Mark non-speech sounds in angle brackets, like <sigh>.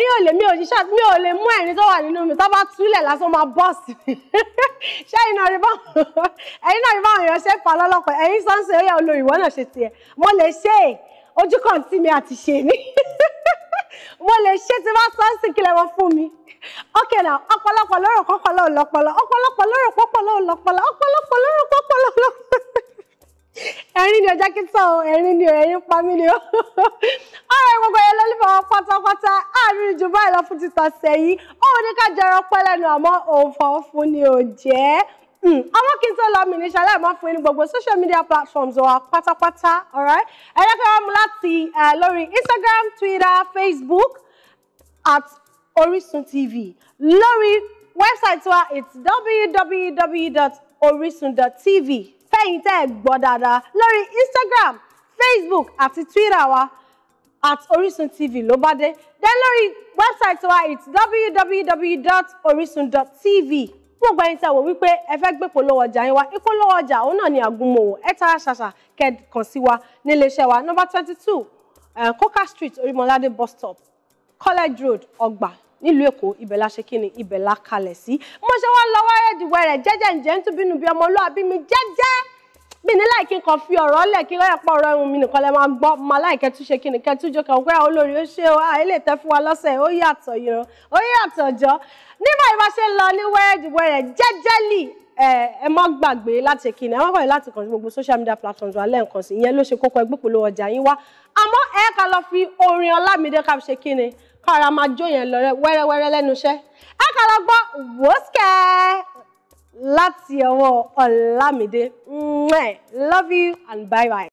ẹ̀rín ò lè mi ò ṣiṣẹ́ mi ò lè mú ẹ̀rín tó wà nínú mi tó bá túlẹ̀ lásán máa bọ́ sí mi <laughs> ṣẹ́yìn náà rí báwọn <laughs> ẹ̀yin náà rí báwọn èèyàn ṣe pa lọ́lọ́pọ̀ ẹ̀yin sánsẹ̀ ó yẹ olórí ìwọ náà ṣe tiẹ̀ mo lè ṣe é ojú kan tí mi àti ṣe ní <laughs> mo lè ṣe tí bá sánsì kílẹ̀ wọn fún mi ok now ọ̀pọ̀lọpọ̀ lóró pọpọlọ lọpọlọ ọ̀pọ̀lọpọ̀ lóró pọpọlọ lọpọlọ ọ̀pọ̀lọpọ̀ lóró pọpọlọ lọpọlọ ẹ̀rín ni ọjà kìtọ ẹ̀rín ni ẹ̀rín pa mí ni ó ọ̀rọ̀ ìgbọgbọ yẹn lọlífọ pátápátá láàrin jù báyìí lọ fún ti tọ̀sẹ̀ yìí òun ní ká jẹrọ pẹ́ lẹ́nu àmọ́ òun fọ́ fún ni ò jẹ́ hmm, àwọn kí n tó lọ mìíràn ṣàlàyé máa fún yín gbogbo social media platforms wa pátápátá alright ẹ jẹ́ kí wọ́n mú láti lórí Instagram Twitter Facebook at Orisun TV lórí website wa it's www.orisun.tv fẹ́yìntẹ́ gbọ́ dáadáa lórí Instagram Facebook àti Twitter wa at Orisun TV ló bá dé then lórí website wa it's www.orisun.tv fún ọgbà yín tí a wò wípé ẹ fẹ́ gbé polówó ọjà yín wá ìpolówó ọjà òun náà ni àgùnmòwò ẹ tara ṣàṣà kẹkàn sí wa ní iléeṣẹ́ wa number twenty two eh, coca street Orimolade bus stop college road ọgbà nílùú èkó ibẹ̀ la ṣe kíni ibẹ̀ la kalẹ̀ sí mo ṣe wá lọ wáyé ìdìbò rẹ̀ jẹ́jẹ́ ǹjẹ́ ń tún bínú bí ọmọlúwàbí mi jẹ́jẹ́ láìkí nǹkan fi ọ̀rọ̀ lẹ̀ kí lọ́yà pọ̀ ọ̀rọ̀ ẹ̀hún mi nìkan lẹ́ máa ń gbọ́ máa láìkẹ́ tún ṣe kí nìkẹ́ tún jókè ọ̀gbẹ́ olórí ó ṣe wá ilé ìtẹ́ fún wa lọ́sẹ̀ ó yàtọ̀ yìí ó yàtọ̀ jọ nígbà yìí bá ṣe ń lọ ní wẹ́ẹ̀dìwẹ́ rẹ̀ jẹ́jẹ́lì ẹ má gbàgbé láti kíni ẹ má gbàgbé láti kàn sí gbogbo social media platforms wa lẹ́ẹ̀kan sí ìyẹn ló ṣe kókó ẹgbẹ́ polówó ọjà yín wá àmọ́ ẹ ká lọ fi orin Ọlámídé ká fi ṣe kíni kára máa jó yẹn lọ wẹ́rẹ́wẹ́rẹ́ lẹ́nu iṣẹ́ ẹ ká lọ gbọ́ wọ́s láti ọwọ́ Ọlámídé love you and bye bye.